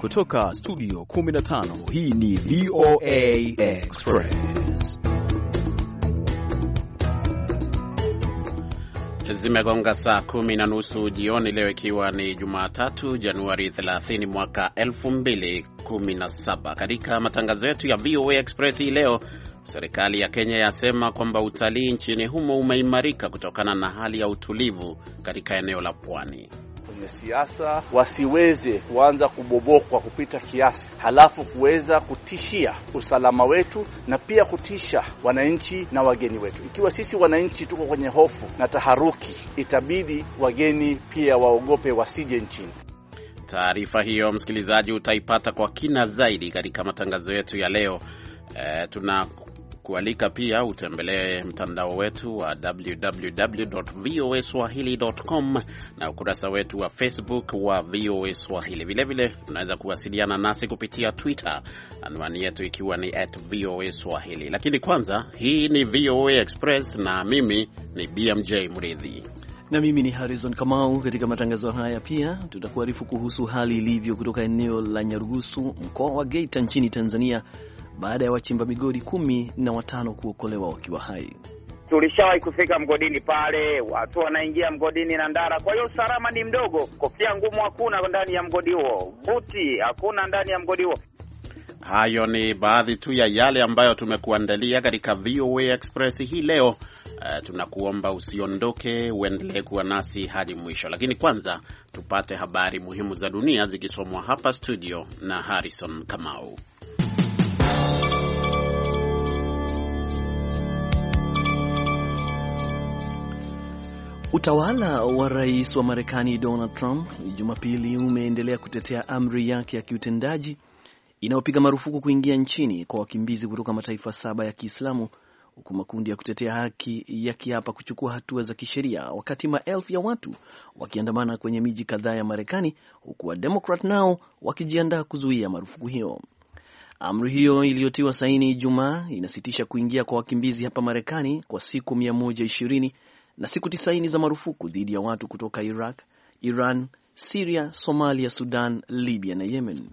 Kutoka studio 15 hii ni VOA Express. Zimegonga saa kumi na nusu jioni leo, ikiwa ni Jumatatu Januari 30 mwaka 2017. Katika matangazo yetu ya VOA Express hii leo, serikali ya Kenya yasema kwamba utalii nchini humo umeimarika kutokana na hali ya utulivu katika eneo la pwani siasa wasiweze kuanza kubobokwa kupita kiasi, halafu kuweza kutishia usalama wetu na pia kutisha wananchi na wageni wetu. Ikiwa sisi wananchi tuko kwenye hofu na taharuki, itabidi wageni pia waogope wasije nchini. Taarifa hiyo msikilizaji, utaipata kwa kina zaidi katika matangazo yetu ya leo. E, tuna kualika pia utembelee mtandao wetu wa voa www.voaswahili.com na ukurasa wetu wa Facebook wa VOA Swahili. Vilevile unaweza kuwasiliana nasi kupitia Twitter, anwani yetu ikiwa ni at VOA Swahili. Lakini kwanza, hii ni VOA Express na mimi ni BMJ Mridhi na mimi ni Harrison Kamau. Katika matangazo haya pia tutakuarifu kuhusu hali ilivyo kutoka eneo la Nyarugusu, mkoa wa Geita, nchini Tanzania, baada ya wachimba migodi kumi na watano kuokolewa wakiwa hai. Tulishawahi kufika mgodini pale, watu wanaingia mgodini na ndara, kwa hiyo usalama ni mdogo. Kofia ngumu hakuna ndani ya mgodi huo, buti hakuna ndani ya mgodi huo. Hayo ni baadhi tu ya yale ambayo tumekuandalia katika VOA Express hii leo. Uh, tunakuomba usiondoke, uendelee kuwa nasi hadi mwisho, lakini kwanza tupate habari muhimu za dunia zikisomwa hapa studio na Harrison Kamau. Utawala wa rais wa Marekani Donald Trump Jumapili umeendelea kutetea amri yake ya kiutendaji inayopiga marufuku kuingia nchini kwa wakimbizi kutoka mataifa saba ya Kiislamu, huku makundi ya kutetea haki yakiapa kuchukua hatua za kisheria, wakati maelfu ya watu wakiandamana kwenye miji kadhaa ya Marekani, huku Wademokrat nao wakijiandaa kuzuia marufuku hiyo. Amri hiyo iliyotiwa saini Ijumaa inasitisha kuingia kwa wakimbizi hapa Marekani kwa siku 120 na siku tisaini za marufuku dhidi ya watu kutoka Iraq, Iran, Siria, Somalia, Sudan, Libya na Yemen.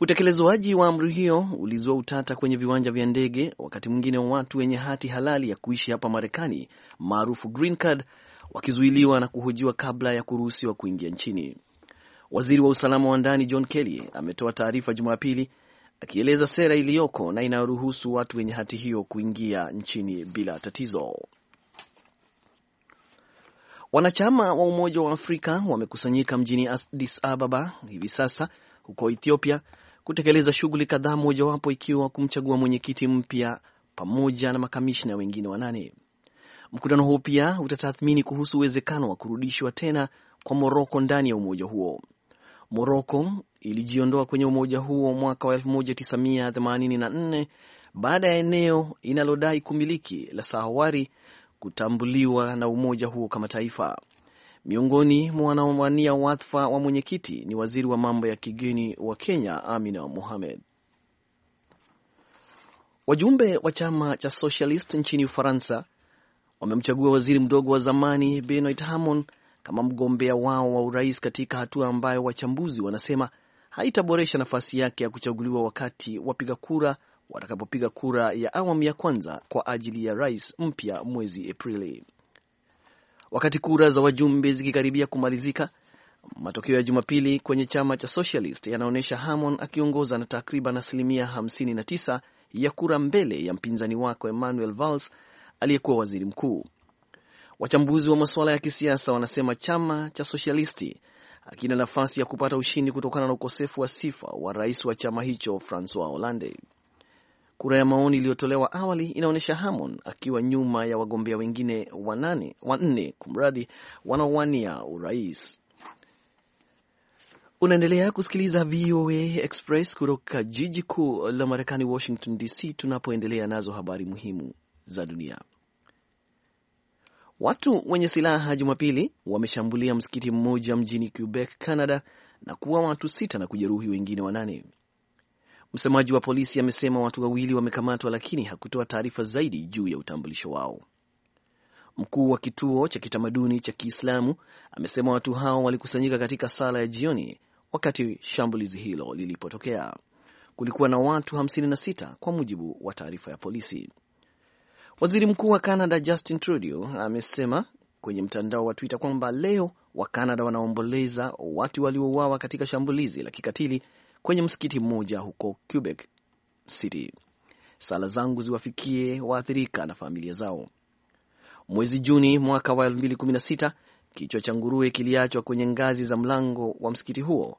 Utekelezwaji wa amri hiyo ulizua utata kwenye viwanja vya ndege, wakati mwingine watu wenye hati halali ya kuishi hapa Marekani maarufu green card wakizuiliwa na kuhojiwa kabla ya kuruhusiwa kuingia nchini. Waziri wa usalama wa ndani John Kelly ametoa taarifa Jumapili akieleza sera iliyoko na inayoruhusu watu wenye hati hiyo kuingia nchini bila tatizo. Wanachama wa Umoja wa Afrika wamekusanyika mjini Addis Ababa hivi sasa huko Ethiopia kutekeleza shughuli kadhaa, mojawapo ikiwa kumchagua mwenyekiti mpya pamoja na makamishna wengine wanane. Mkutano huu pia utatathmini kuhusu uwezekano wa kurudishwa tena kwa Moroko ndani ya umoja huo. Moroko ilijiondoa kwenye umoja huo mwaka wa 1984 baada ya eneo inalodai kumiliki la Sahawari kutambuliwa na umoja huo kama taifa. Miongoni mwa wanaowania wadhifa wa mwenyekiti ni waziri wa mambo ya kigeni wa Kenya, Amina Mohamed. Wajumbe wa chama cha Socialist nchini Ufaransa wamemchagua waziri mdogo wa zamani Benoit Hamon kama mgombea wao wa urais katika hatua ambayo wachambuzi wanasema haitaboresha nafasi yake ya kuchaguliwa wakati wapiga kura watakapopiga kura ya awamu ya kwanza kwa ajili ya rais mpya mwezi Aprili. Wakati kura za wajumbe zikikaribia kumalizika, matokeo ya Jumapili kwenye chama cha Socialist yanaonyesha Hamon akiongoza na takriban asilimia 59 ya kura mbele ya mpinzani wake Emmanuel Valls aliyekuwa waziri mkuu. Wachambuzi wa masuala ya kisiasa wanasema chama cha Socialisti akina nafasi ya kupata ushindi kutokana na ukosefu wa sifa wa rais wa chama hicho Francois Hollande. Kura ya maoni iliyotolewa awali inaonyesha Hamon akiwa nyuma ya wagombea wengine wanane, wanne kumradhi, wanaowania urais. Unaendelea kusikiliza VOA Express kutoka jiji kuu la Marekani, Washington DC, tunapoendelea nazo habari muhimu za dunia. Watu wenye silaha Jumapili wameshambulia msikiti mmoja mjini Quebec, Canada, na kuua watu sita na kujeruhi wengine wanane. Msemaji wa polisi amesema watu wawili wamekamatwa, lakini hakutoa taarifa zaidi juu ya utambulisho wao. Mkuu wa kituo cha kitamaduni cha Kiislamu amesema watu hao walikusanyika katika sala ya jioni wakati shambulizi hilo lilipotokea. Kulikuwa na watu 56 kwa mujibu wa taarifa ya polisi. Waziri Mkuu wa Canada Justin Trudeau amesema kwenye mtandao wa Twitter kwamba leo Wakanada wanaomboleza watu waliouawa katika shambulizi la kikatili kwenye msikiti mmoja huko Quebec City. Sala zangu ziwafikie waathirika na familia zao. Mwezi Juni mwaka wa 2016 kichwa cha nguruwe kiliachwa kwenye ngazi za mlango wa msikiti huo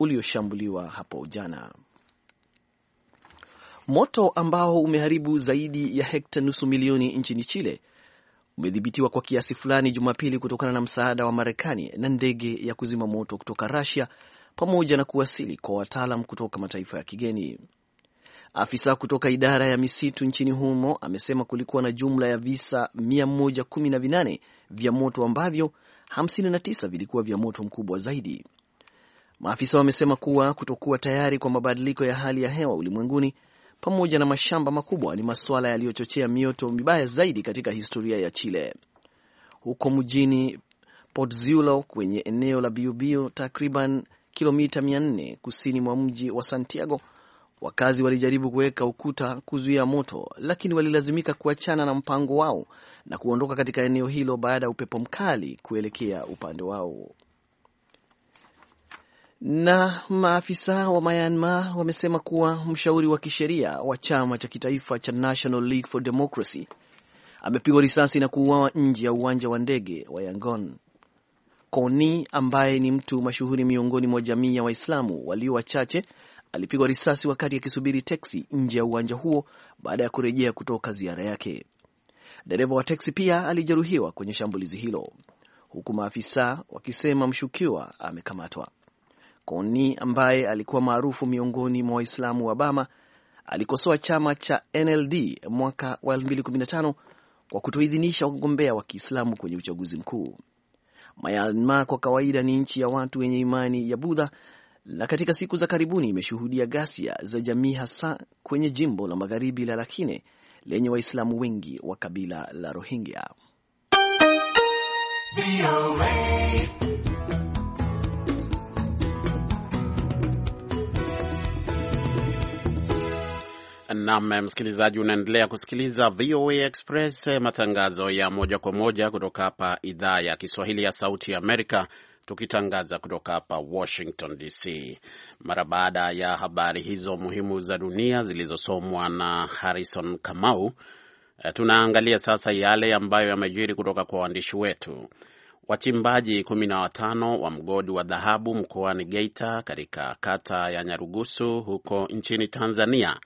ulioshambuliwa hapo jana. Moto ambao umeharibu zaidi ya hekta nusu milioni nchini Chile umedhibitiwa kwa kiasi fulani Jumapili kutokana na msaada wa Marekani na ndege ya kuzima moto kutoka Russia pamoja na kuwasili kwa wataalam kutoka mataifa ya kigeni. Afisa kutoka idara ya misitu nchini humo amesema kulikuwa na jumla ya visa 118 vya moto ambavyo 59 vilikuwa vya moto mkubwa zaidi. Maafisa wamesema kuwa kutokuwa tayari kwa mabadiliko ya hali ya hewa ulimwenguni pamoja na mashamba makubwa ni masuala yaliyochochea mioto mibaya zaidi katika historia ya Chile. Huko mjini potzulo kwenye eneo la Biobio, takriban kilomita 400 kusini mwa mji wa Santiago, wakazi walijaribu kuweka ukuta kuzuia moto, lakini walilazimika kuachana na mpango wao na kuondoka katika eneo hilo baada ya upepo mkali kuelekea upande wao. Na maafisa wa Myanmar wamesema kuwa mshauri wa kisheria wa chama cha kitaifa cha National League for Democracy amepigwa risasi na kuuawa nje ya uwanja wa ndege wa Yangon. Koni ambaye ni mtu mashuhuri miongoni mwa jamii ya Waislamu walio wachache alipigwa risasi wakati akisubiri teksi nje ya uwanja huo baada ya kurejea kutoka ziara yake. Dereva wa teksi pia alijeruhiwa kwenye shambulizi hilo, huku maafisa wakisema mshukiwa amekamatwa. Koni ambaye alikuwa maarufu miongoni mwa Waislamu wa Bama alikosoa chama cha NLD mwaka wa 2015 kwa kutoidhinisha wagombea wa Kiislamu kwenye uchaguzi mkuu. Myanmar kwa kawaida ni nchi ya watu wenye imani ya Budha, na katika siku za karibuni imeshuhudia ghasia za jamii, hasa kwenye jimbo la magharibi la Rakhine lenye Waislamu wengi wa kabila la Rohingya. Nam msikilizaji, unaendelea kusikiliza VOA Express, eh, matangazo ya moja kwa moja kutoka hapa idhaa ya Kiswahili ya Sauti ya Amerika, tukitangaza kutoka hapa Washington DC. Mara baada ya habari hizo muhimu za dunia zilizosomwa na Harrison Kamau, eh, tunaangalia sasa yale ambayo yamejiri kutoka kwa waandishi wetu. Wachimbaji kumi na watano wa mgodi wa dhahabu mkoani Geita katika kata ya Nyarugusu huko nchini Tanzania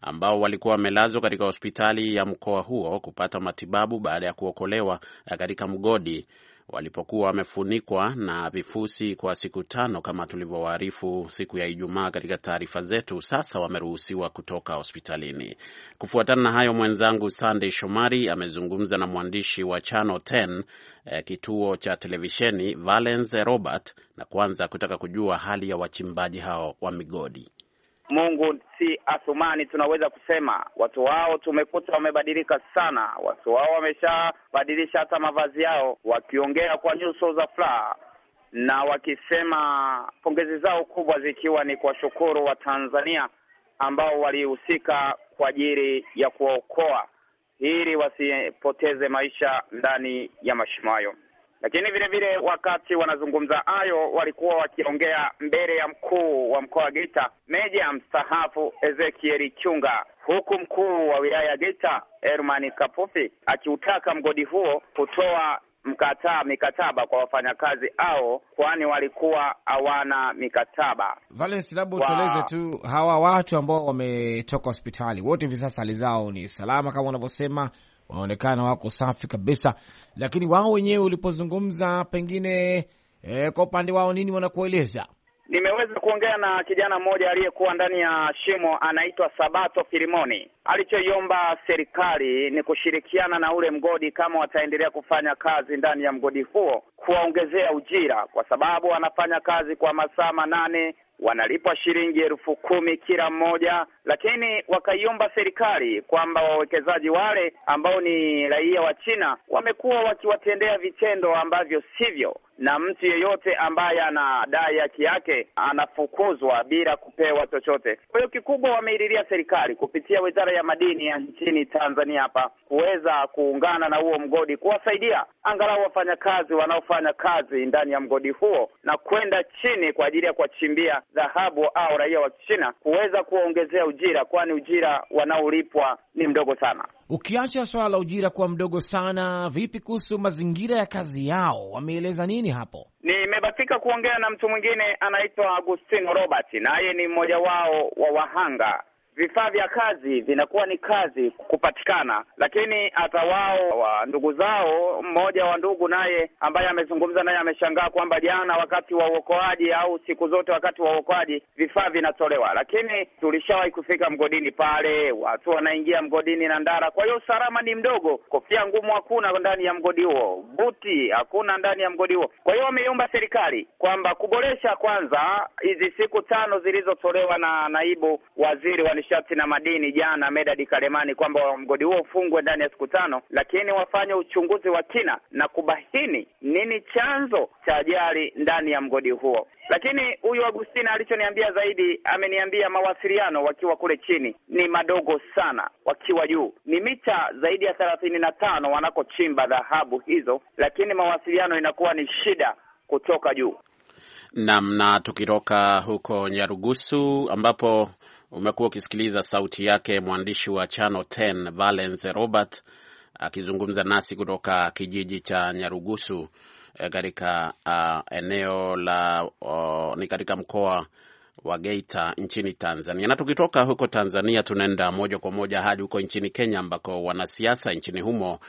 ambao walikuwa wamelazwa katika hospitali ya mkoa huo kupata matibabu baada ya kuokolewa eh, katika mgodi walipokuwa wamefunikwa na vifusi kwa siku tano kama tulivyowaarifu siku ya Ijumaa katika taarifa zetu. Sasa wameruhusiwa kutoka hospitalini. Kufuatana na hayo, mwenzangu Sandey Shomari amezungumza na mwandishi wa Channel 10 eh, kituo cha televisheni Valence Robert, na kwanza kutaka kujua hali ya wachimbaji hao wa migodi. Mungu si Athumani, tunaweza kusema watu wao tumekuta wamebadilika sana. Watu wao wameshabadilisha hata mavazi yao, wakiongea kwa nyuso za furaha na wakisema, pongezi zao kubwa zikiwa ni kwa wa Watanzania ambao walihusika kwa ajili ya kuwaokoa ili wasipoteze maisha ndani ya mashimo hayo. Lakini vile vile wakati wanazungumza hayo walikuwa wakiongea mbele ya mkuu wa mkoa wa Geita meja mstaafu ezekieli Chunga, huku mkuu wa wilaya ya Geita hermani Kapufi akiutaka mgodi huo kutoa mkataa mikataba kwa wafanyakazi hao, kwani walikuwa hawana mikataba. Valens, labda utueleze tu hawa watu ambao wametoka hospitali wote hivi sasa hali zao ni salama kama unavyosema wanaonekana wako safi kabisa, lakini wao wenyewe ulipozungumza, pengine e, kwa upande wao nini wanakueleza? Nimeweza kuongea na kijana mmoja aliyekuwa ndani ya shimo, anaitwa Sabato Filimoni. Alichoiomba serikali ni kushirikiana na ule mgodi, kama wataendelea kufanya kazi ndani ya mgodi huo, kuwaongezea ujira, kwa sababu anafanya kazi kwa masaa manane wanalipwa shilingi elfu kumi kila mmoja, lakini wakaiomba serikali kwamba wawekezaji wale ambao ni raia wa China wamekuwa wakiwatendea vitendo ambavyo sivyo na mtu yeyote ambaye anadai haki yake anafukuzwa bila kupewa chochote. Kwa hiyo kikubwa, wameililia serikali kupitia wizara ya madini ya nchini Tanzania hapa kuweza kuungana na huo mgodi, kuwasaidia angalau wafanyakazi wanaofanya kazi ndani ya mgodi huo na kwenda chini kwa ajili ya kuwachimbia dhahabu au raia wa Kichina kuweza kuwaongezea ujira, kwani ujira wanaolipwa ni mdogo sana. Ukiacha swala la ujira kuwa mdogo sana, vipi kuhusu mazingira ya kazi yao? Wameeleza nini hapo? nimebatika kuongea na mtu mwingine anaitwa Agustino Robert, naye ni mmoja wao wa wahanga vifaa vya kazi vinakuwa ni kazi kupatikana, lakini hata wao wa ndugu zao, mmoja wa ndugu naye ambaye amezungumza naye ameshangaa kwamba jana wakati wa uokoaji au siku zote wakati wa uokoaji vifaa vinatolewa, lakini tulishawahi kufika mgodini pale, watu wanaingia mgodini na ndara. Kwa hiyo usalama ni mdogo, kofia ngumu hakuna ndani ya mgodi huo, buti hakuna ndani ya mgodi huo. Kwa hiyo wameiomba serikali kwamba kuboresha kwanza hizi siku tano zilizotolewa na naibu waziri wa nishati na madini jana Medadi Kalemani kwamba mgodi huo ufungwe ndani ya siku tano, lakini wafanye uchunguzi wa kina na kubahini nini chanzo cha ajali ndani ya mgodi huo. Lakini huyu Agustina alichoniambia zaidi, ameniambia mawasiliano wakiwa kule chini ni madogo sana, wakiwa juu ni mita zaidi ya thelathini na tano wanakochimba dhahabu hizo, lakini mawasiliano inakuwa ni shida kutoka juu. Naam, na tukitoka huko Nyarugusu ambapo Umekuwa ukisikiliza sauti yake mwandishi wa Channel 10 Valence Robert akizungumza nasi kutoka kijiji cha Nyarugusu eh, katika uh, eneo la uh, ni katika mkoa wa Geita nchini Tanzania. Na tukitoka huko Tanzania tunaenda moja kwa moja hadi huko nchini Kenya ambako wanasiasa nchini humo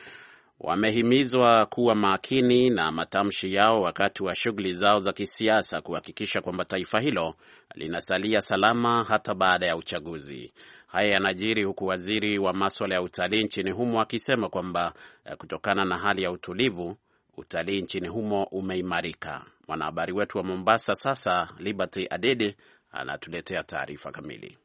wamehimizwa kuwa makini na matamshi yao wakati wa shughuli zao za kisiasa kuhakikisha kwamba taifa hilo linasalia salama hata baada ya uchaguzi. Haya yanajiri huku waziri wa maswala ya utalii nchini humo akisema kwamba eh, kutokana na hali ya utulivu, utalii nchini humo umeimarika. Mwanahabari wetu wa Mombasa sasa, Liberty Adede, anatuletea taarifa kamili.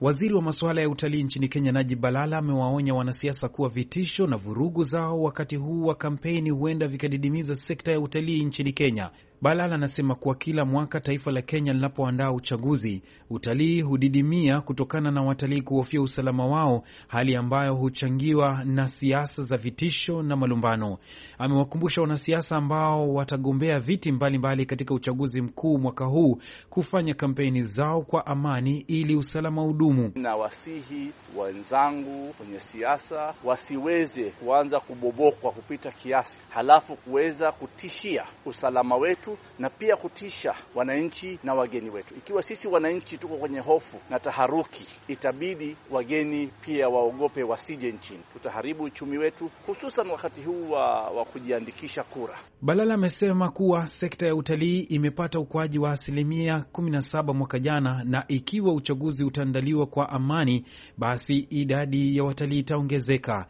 Waziri wa masuala ya utalii nchini Kenya, Najib Balala, amewaonya wanasiasa kuwa vitisho na vurugu zao wakati huu wa kampeni huenda vikadidimiza sekta ya utalii nchini Kenya. Balala anasema kuwa kila mwaka taifa la Kenya linapoandaa uchaguzi, utalii hudidimia kutokana na watalii kuhofia usalama wao, hali ambayo huchangiwa na siasa za vitisho na malumbano. Amewakumbusha wanasiasa ambao watagombea viti mbalimbali mbali katika uchaguzi mkuu mwaka huu kufanya kampeni zao kwa amani ili usalama udumu. Na wasihi wenzangu kwenye siasa wasiweze kuanza kubobokwa kupita kiasi, halafu kuweza kutishia usalama wetu wetu na pia kutisha wananchi na wageni wetu. Ikiwa sisi wananchi tuko kwenye hofu na taharuki, itabidi wageni pia waogope wasije nchini. Tutaharibu uchumi wetu, hususan wakati huu wa, wa kujiandikisha kura. Balala amesema kuwa sekta ya utalii imepata ukuaji wa asilimia 17 mwaka jana, na ikiwa uchaguzi utaandaliwa kwa amani, basi idadi ya watalii itaongezeka.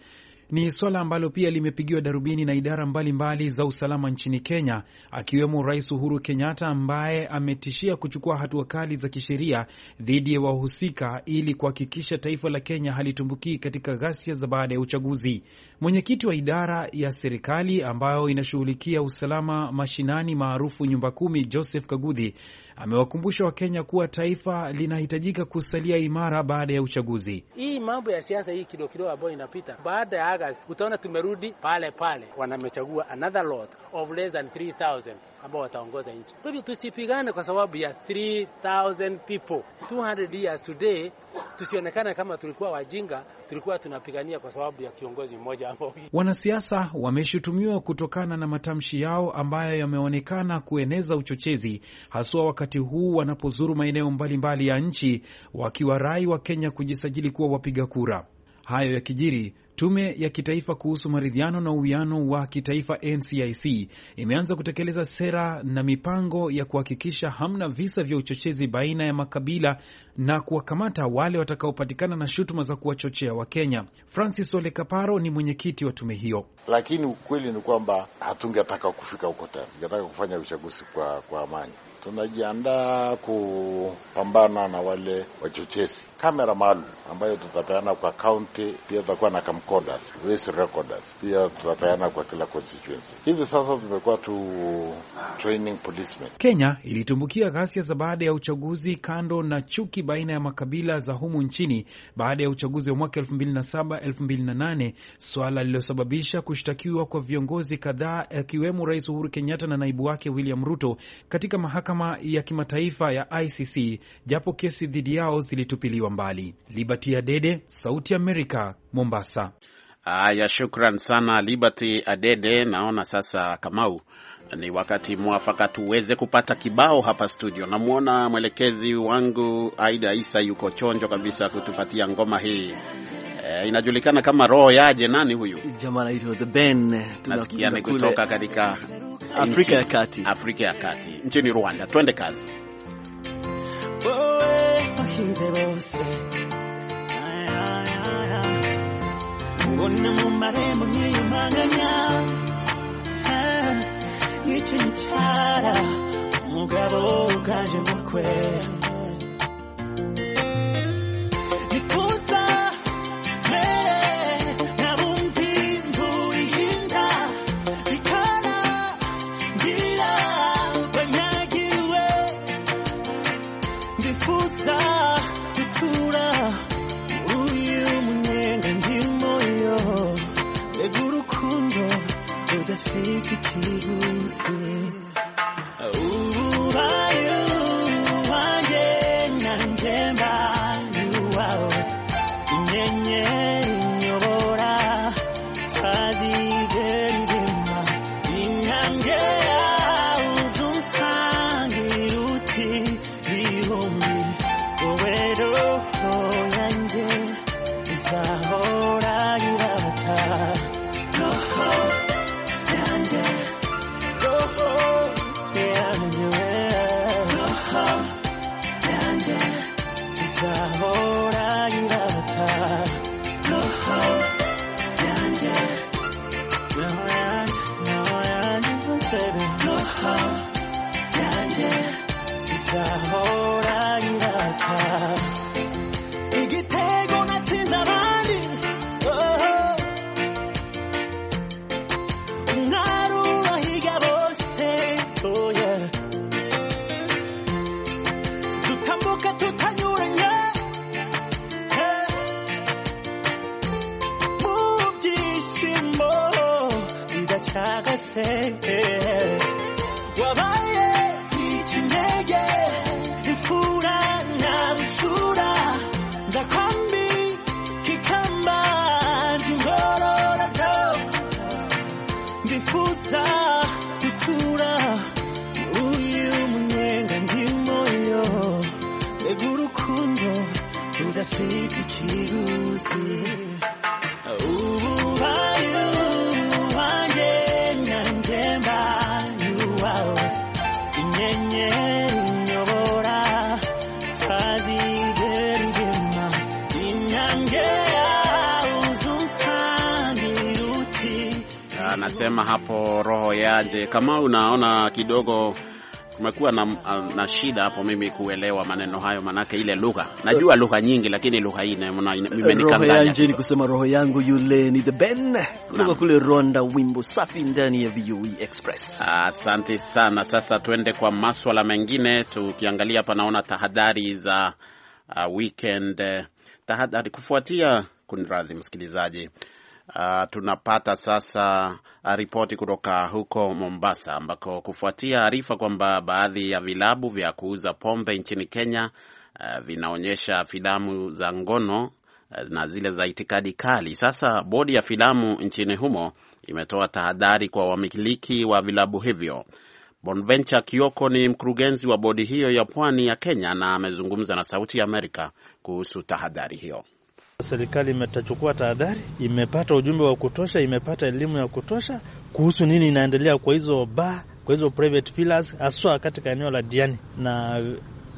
Ni swala ambalo pia limepigiwa darubini na idara mbalimbali mbali za usalama nchini Kenya, akiwemo Rais Uhuru Kenyatta ambaye ametishia kuchukua hatua kali za kisheria dhidi ya wahusika ili kuhakikisha taifa la Kenya halitumbukii katika ghasia za baada ya uchaguzi. Mwenyekiti wa idara ya serikali ambayo inashughulikia usalama mashinani maarufu nyumba kumi, Joseph Kaguthi amewakumbusha Wakenya kuwa taifa linahitajika kusalia imara baada ya uchaguzi. Hii mambo ya siasa hii kidogo kidogo ambayo inapita baada ya Agosti, utaona tumerudi pale pale, wanamechagua another lot of less than 3000 ambao wataongoza nchi. Kwa hivyo tusipigane kwa sababu ya 3000 people 200 years today tusionekane kama tulikuwa wajinga, tulikuwa tunapigania kwa sababu ya kiongozi mmoja Wanasiasa wameshutumiwa kutokana na matamshi yao ambayo yameonekana kueneza uchochezi, haswa wakati huu wanapozuru maeneo mbalimbali ya nchi, wakiwarai kenya kujisajili kuwa wapiga kura. Hayo yakijiri Tume ya Kitaifa kuhusu Maridhiano na Uwiano wa Kitaifa, NCIC, imeanza kutekeleza sera na mipango ya kuhakikisha hamna visa vya uchochezi baina ya makabila na kuwakamata wale watakaopatikana na shutuma za kuwachochea Wakenya. Francis Ole Kaparo ni mwenyekiti wa tume hiyo. Lakini ukweli ni kwamba hatungetaka kufika huko tena, tungetaka kufanya uchaguzi kwa, kwa amani. Tunajiandaa kupambana na wale wachochezi kamera maalum ambayo tutapeana kwa kaunti, pia tutakuwa na camcorders, race recorders, pia tutapeana kwa kila constituency. Hivi sasa tumekuwa tu training policemen. Kenya ilitumbukia ghasia za baada ya uchaguzi, kando na chuki baina ya makabila za humu nchini baada ya uchaguzi wa mwaka 2007 2008, swala lililosababisha kushtakiwa kwa viongozi kadhaa akiwemo Rais Uhuru Kenyatta na naibu wake William Ruto katika mahakama ya kimataifa ya ICC, japo kesi dhidi yao zilitupiliwa kutupiliwa mbali. Liberty Adede, Sauti Amerika, Mombasa. Haya, shukran sana Liberty Adede. Naona sasa, Kamau, ni wakati mwafaka tuweze kupata kibao hapa studio. Namwona mwelekezi wangu Aida Isa yuko chonjo kabisa kutupatia ngoma hii. E, inajulikana kama roho yaje. Nani huyu jamaa anaitwa The Ben, ni kutoka katika Afrika ya Kati, Afrika ya Kati nchini Rwanda. Twende kazi. Oh, banshinze bose ubona mu marembo mwiyumanganya eh, nk'icyo gicara umugabo uganje mu kwe Gracias. Anasema hapo roho yaje. Kama unaona kidogo tumekuwa na, na shida hapo mimi kuelewa maneno hayo, manake ile lugha najua lugha nyingi, lakini lugha hii Ni kusema roho yangu yule ni the Ben kutoka kule Rwanda, wimbo safi ndani ya VUE Express. Asante ah, sana. Sasa tuende kwa maswala mengine, tukiangalia hapa naona tahadhari za uh, weekend tahadhari kufuatia, kuniradhi msikilizaji Uh, tunapata sasa ah, ripoti kutoka huko Mombasa ambako kufuatia arifa kwamba baadhi ya vilabu vya kuuza pombe nchini Kenya uh, vinaonyesha filamu za ngono uh, na zile za itikadi kali. Sasa bodi ya filamu nchini humo imetoa tahadhari kwa wamiliki wa vilabu hivyo. Bonventure Kioko ni mkurugenzi wa bodi hiyo ya pwani ya Kenya na amezungumza na Sauti ya Amerika kuhusu tahadhari hiyo. Serikali imetachukua tahadhari, imepata ujumbe wa kutosha, imepata elimu ya kutosha kuhusu nini inaendelea kwa hizo ba kwa hizo private pillars, haswa katika eneo la Diani na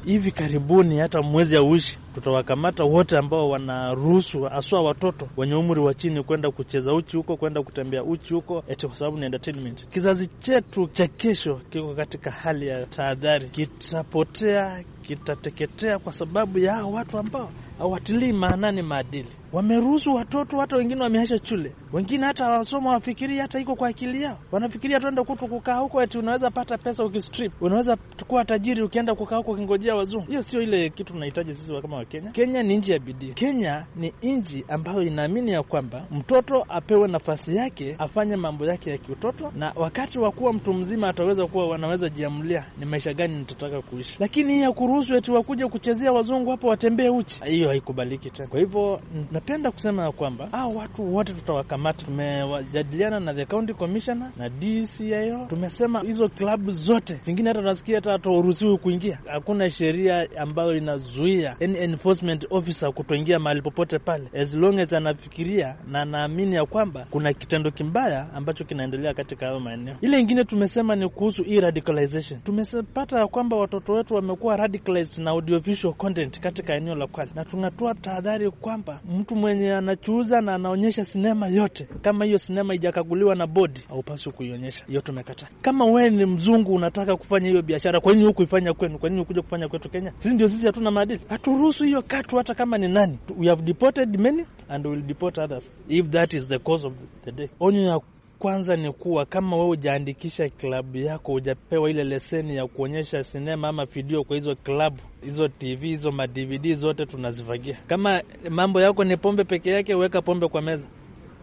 hivi karibuni hata mwezi auishi tutawakamata wote ambao wanaruhusu haswa watoto wenye umri wa chini kwenda kucheza uchi huko, kwenda kutembea uchi huko, eti kwa sababu ni entertainment. Kizazi chetu cha kesho kiko katika hali ya tahadhari, kitapotea, kitateketea kwa sababu ya watu ambao hawatilii maanani maadili wameruhusu watoto, hata wengine wameacha shule, wengine hata wasoma, wafikiri hata iko kwa akili yao, wanafikiria tuende kutu kukaa huko, eti unaweza pata pesa ukistrip, unaweza kuwa tajiri ukienda kukaa huko ukingojea wazungu. Hiyo sio ile kitu tunahitaji sisi kama Wakenya. Kenya ni nchi ya bidii. Kenya ni nchi ambayo inaamini ya kwamba mtoto apewe nafasi yake, afanye mambo yake ya kiutoto, na wakati wa kuwa mtu mzima ataweza kuwa wanaweza jiamulia ni maisha gani nitataka kuishi, lakini hii ya kuruhusu eti wakuja kuchezea wazungu hapo watembee uchi, hiyo haikubaliki tena. Kwa hivyo Napenda kusema ya kwamba hao watu wote tutawakamata. Tumewajadiliana na the county commissioner na DCIO, tumesema hizo klabu zote zingine, hata tunasikia hata hatauruhusiwi kuingia. Hakuna sheria ambayo inazuia any enforcement officer kutoingia mahali popote pale, as long as anafikiria na anaamini ya kwamba kuna kitendo kimbaya ambacho kinaendelea katika hayo maeneo. Ile ingine tumesema ni kuhusu hii radicalization. Tumepata ya kwamba watoto wetu wamekuwa radicalized na audiovisual content katika eneo la Kwale, na tunatoa tahadhari kwamba mtu mtu mwenye anachuuza na anaonyesha sinema yote, kama hiyo sinema ijakaguliwa na bodi, haupaswi kuionyesha. Hiyo tumekataa. Kama wewe ni mzungu unataka kufanya hiyo biashara, kwa nini hukuifanya kwenu? Kwa nini ukuja kufanya kwetu Kenya? Sisi ndio sisi, hatuna maadili, haturuhusu hiyo katu, hata kama ni nani. We have deported many and will deport others if that is the cause of the day. Onyo ya kwanza ni kuwa kama wewe hujaandikisha klabu yako, hujapewa ile leseni ya kuonyesha sinema ama video kwa hizo klabu, hizo TV, hizo madvd zote tunazifagia. Kama mambo yako ni pombe peke yake, weka pombe kwa meza,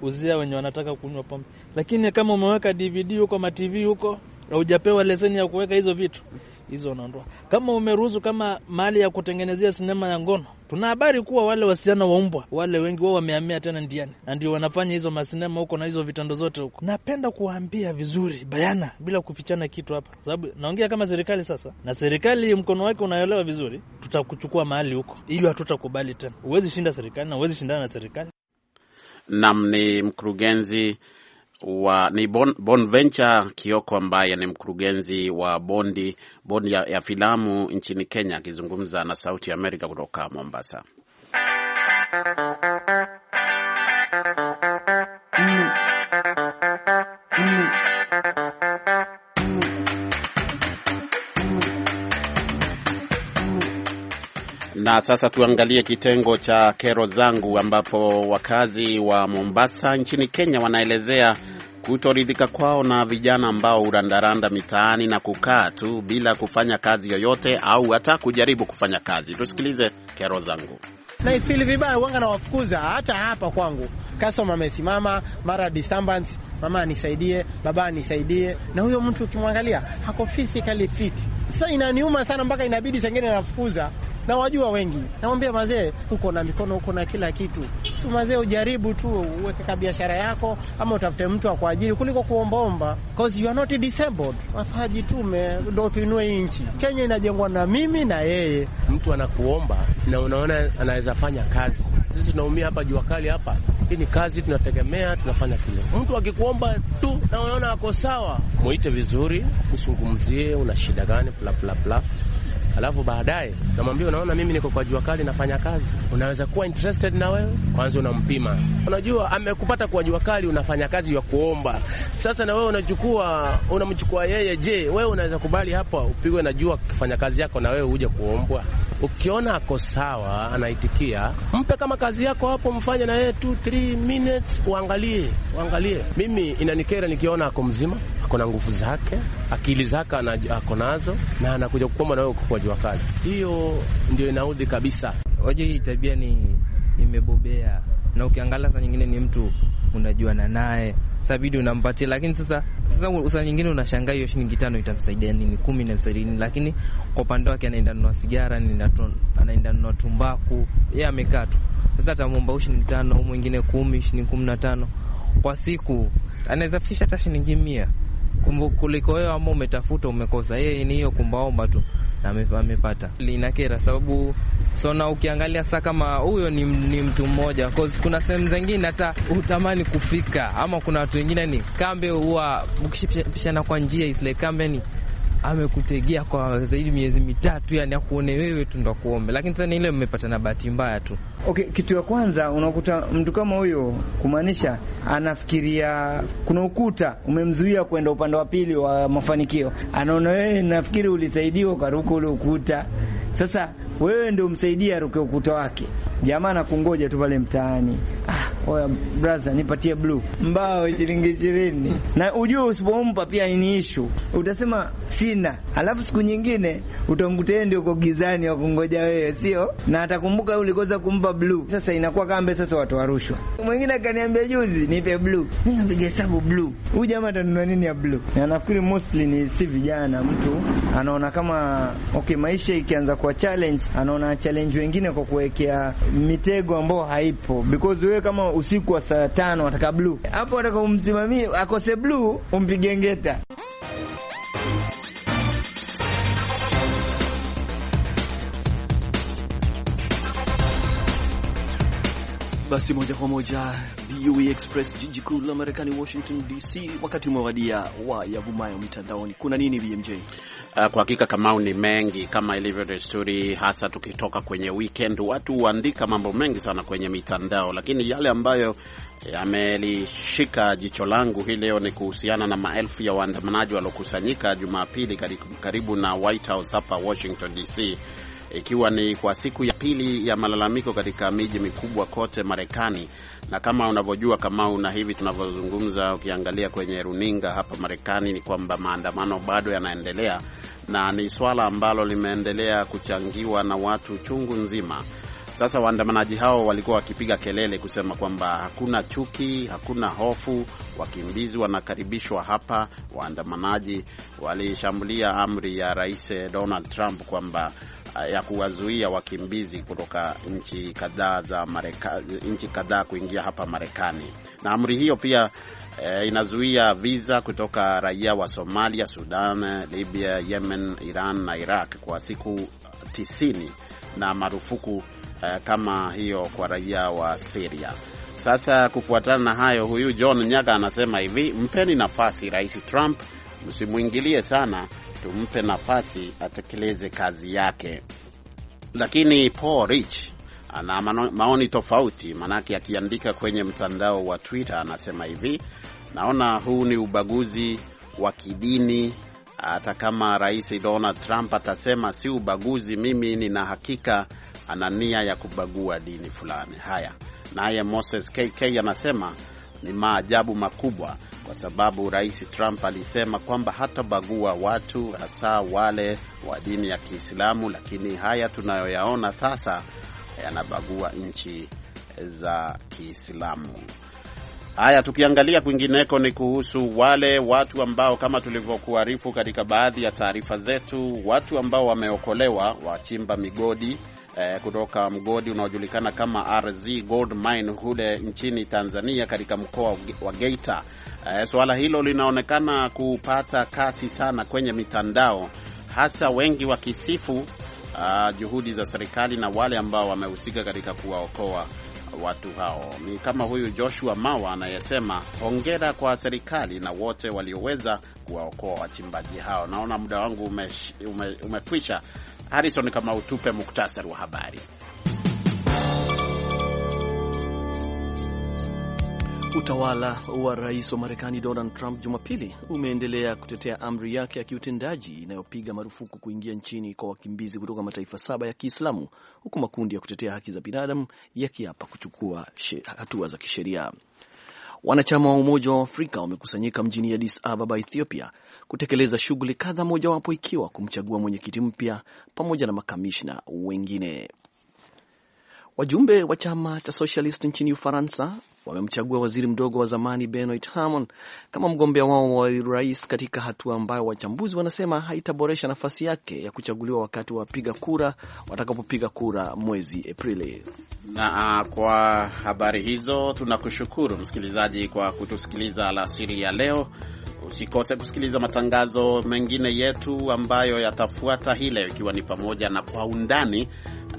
uzia wenye wanataka kunywa pombe. Lakini kama umeweka DVD huko, matv huko, aujapewa leseni ya kuweka hizo vitu hizo unaondoa. Kama umeruhusu kama mahali ya kutengenezea sinema ya ngono, tuna habari kuwa wale wasichana waumbwa wale wengi wao wamehamia tena ndiani na ndio wanafanya hizo masinema huko na hizo vitendo zote huko. Napenda kuwaambia vizuri bayana, bila kufichana kitu hapa, sababu naongea kama serikali sasa, na serikali mkono wake unaelewa vizuri, tutakuchukua mahali huko, hiyo hatutakubali tena. Huwezi shinda serikali na huwezi shindana na serikali. Nam ni mkurugenzi wa ni bon, Bonventure Kioko ambaye ni mkurugenzi wa bondi bondi ya, ya filamu nchini Kenya akizungumza na Sauti ya Amerika kutoka Mombasa. Na sasa tuangalie kitengo cha kero zangu, ambapo wakazi wa Mombasa nchini Kenya wanaelezea kutoridhika kwao na vijana ambao hurandaranda mitaani na kukaa tu bila kufanya kazi yoyote au hata kujaribu kufanya kazi. Tusikilize kero zangu. Naifili vibaya wanga, nawafukuza hata hapa kwangu. Customer amesimama mara disturbance, mama anisaidie, baba anisaidie, na huyo mtu ukimwangalia hako physically fit. Sasa inaniuma sana, mpaka inabidi sengine nafukuza na wajua wengi. Namwambia mazee, uko na mikono, uko na kila kitu, si mazee, ujaribu tu uweke ka biashara yako, ama utafute mtu akuajiri kuliko kuombaomba, cause you are not disabled. Afaa ndo tuinue hii nchi. Kenya inajengwa na mimi na yeye. Mtu anakuomba na unaona anaweza fanya kazi. Sisi tunaumia hapa jua kali hapa, hii ni kazi tunategemea, tunafanya kile. Mtu akikuomba tu na unaona ako sawa, mwite vizuri, usungumzie, una shida gani, bla bla bla alafu baadaye namwambia, unaona, mimi niko kwa jua kali nafanya kazi, unaweza kuwa interested na wewe. Kwanza unampima, unajua amekupata kwa jua kali, unafanya kazi ya kuomba. Sasa na wewe unachukua, unamchukua yeye. Je, wewe unaweza kubali hapa upigwe na jua kufanya kazi yako na wewe uje kuombwa? Ukiona ako sawa, anaitikia, mpe kama kazi yako hapo, mfanye na yeye 2 3 minutes, uangalie uangalie. Mimi inanikera nikiona ako mzima ako na nguvu zake, akili zake ako nazo, na anakuja kukomba wewe kwa jua kali. Hiyo ndio inaudhi kabisa. Waje hii tabia ni imebobea, na ukiangalia saa nyingine ni mtu unajuana naye sabidi unampatia, lakini sasa sasa usa nyingine unashangaa hiyo shilingi tano itamsaidia nini, kumi inamsaidia nini? Lakini kwa upande wake anaenda nunua sigara, anaenda nunua tumbaku, yeye amekaa tu. Sasa atamwomba huyu shilingi tano, huyu mwingine kumi, shilingi kumi na tano kwa siku, anaweza fikisha hata shilingi mia kumbu, kuliko wewe ambao umetafuta umekosa. Yeye ni hiyo kumbaomba tu na amepata. Linakera sababu sona, ukiangalia sasa kama huyo ni, ni mtu mmoja cause kuna sehemu zingine hata utamani kufika, ama kuna watu wengine ni kambe huwa ukishipishana kwa njia isle kambe ni amekutegea kwa zaidi miezi mitatu, yani akuone wewe tu ndo akuombe, lakini sasa ile mmepata na bahati mbaya tu. Okay, kitu ya kwanza unakuta mtu kama huyo, kumaanisha anafikiria kuna ukuta umemzuia kwenda upande wa pili wa mafanikio, anaona wewe, nafikiri ulisaidiwa ukaruka ule ukuta, sasa wewe ndio umsaidia aruke ukuta wake jamaa anakungoja tu pale mtaani. Ah, oya brother, nipatie blue mbao shilingi ishirini. Na ujue usipompa pia ni issue, utasema sina, alafu siku nyingine utamkuta yeye ndio uko gizani kungoja wewe, sio na atakumbuka ulikoza kumpa blue. Sasa inakuwa kambe, sasa watu warushwa. Mwingine akaniambia juzi, nipe blue, mimi napiga hesabu blue, huyu jamaa atanunua nini ya blue? Na nafikiri mostly ni si vijana, mtu anaona kama okay, maisha ikianza kuwa challenge, anaona challenge wengine kwa kuwekea mitego ambayo haipo, because wewe kama usiku wa saa tano wataka bluu hapo, ataka umsimamie akose bluu, umpige ngeta. Basi moja kwa moja VOA Express, jiji kuu la Marekani, Washington DC. Wakati umewadia wa yavumayo mitandaoni. Kuna nini BMJ? Eh, kwa hakika Kamau, ni mengi kama ilivyo desturi, hasa tukitoka kwenye weekend, watu huandika mambo mengi sana kwenye mitandao, lakini yale ambayo yamelishika jicho langu hii leo ni kuhusiana na maelfu ya waandamanaji waliokusanyika Jumapili karibu na White House hapa Washington DC ikiwa ni kwa siku ya pili ya malalamiko katika miji mikubwa kote Marekani. Na kama unavyojua Kamau, na hivi tunavyozungumza, ukiangalia kwenye runinga hapa Marekani ni kwamba maandamano bado yanaendelea, na ni swala ambalo limeendelea kuchangiwa na watu chungu nzima sasa waandamanaji hao walikuwa wakipiga kelele kusema kwamba hakuna chuki, hakuna hofu, wakimbizi wanakaribishwa hapa. Waandamanaji walishambulia amri ya Rais Donald Trump kwamba ah, ya kuwazuia wakimbizi kutoka nchi kadhaa za Marekani, nchi kadhaa kuingia hapa Marekani, na amri hiyo pia E, inazuia visa kutoka raia wa Somalia, Sudan, Libya, Yemen, Iran na Iraq kwa siku tisini na marufuku uh, kama hiyo kwa raia wa Syria. Sasa kufuatana na hayo, huyu John Nyaga anasema hivi, mpeni nafasi Rais Trump, msimwingilie sana, tumpe nafasi atekeleze kazi yake. Lakini Paul Rich ana maoni tofauti, manake akiandika kwenye mtandao wa Twitter anasema hivi, naona huu ni ubaguzi wa kidini. Hata kama Rais Donald Trump atasema si ubaguzi, mimi nina hakika ana nia ya kubagua dini fulani. Haya, naye Moses KK anasema ni maajabu makubwa kwa sababu Rais Trump alisema kwamba hatabagua watu hasa wale wa dini ya Kiislamu, lakini haya tunayoyaona sasa yanabagua nchi za Kiislamu. Haya, tukiangalia kwingineko ni kuhusu wale watu ambao kama tulivyokuarifu katika baadhi ya taarifa zetu, watu ambao wameokolewa wachimba migodi eh, kutoka mgodi unaojulikana kama RZ Gold Mine kule nchini Tanzania katika mkoa wa Geita. Eh, suala hilo linaonekana kupata kasi sana kwenye mitandao, hasa wengi wakisifu Uh, juhudi za serikali na wale ambao wamehusika katika kuwaokoa watu hao. Ni kama huyu Joshua Mawa anayesema hongera kwa serikali na wote walioweza kuwaokoa wachimbaji hao. Naona muda wangu umekwisha ume, Harrison, kama utupe muktasari wa habari. Utawala wa rais wa Marekani Donald Trump Jumapili umeendelea kutetea amri yake ya kiutendaji inayopiga marufuku kuingia nchini kwa wakimbizi kutoka mataifa saba ya Kiislamu, huku makundi ya kutetea haki za binadamu yakiapa kuchukua hatua za kisheria. Wanachama wa Umoja wa Afrika wamekusanyika mjini Addis Ababa, Ethiopia, kutekeleza shughuli kadha, mojawapo ikiwa kumchagua mwenyekiti mpya pamoja na makamishna wengine. Wajumbe wa chama cha Socialist nchini Ufaransa wamemchagua waziri mdogo wa zamani Benoit Hamon kama mgombea wao wa urais katika hatua ambayo wachambuzi wanasema haitaboresha nafasi yake ya kuchaguliwa wakati wa wapiga kura watakapopiga kura mwezi Aprili. Na ah, kwa habari hizo tunakushukuru msikilizaji kwa kutusikiliza alasiri ya leo. Usikose kusikiliza matangazo mengine yetu ambayo yatafuata hii leo, ikiwa ni pamoja na kwa undani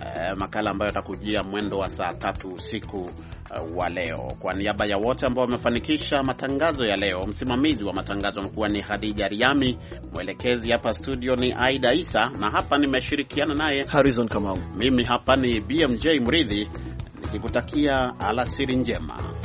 eh, makala ambayo yatakujia mwendo wa saa tatu usiku eh, wa leo. Kwa niaba ya wote ambao wamefanikisha matangazo ya leo, msimamizi wa matangazo amekuwa ni Hadija Riami, mwelekezi hapa studio ni Aida Isa, na hapa nimeshirikiana naye Harrison Kamau. Mimi hapa ni BMJ Mridhi nikikutakia alasiri njema.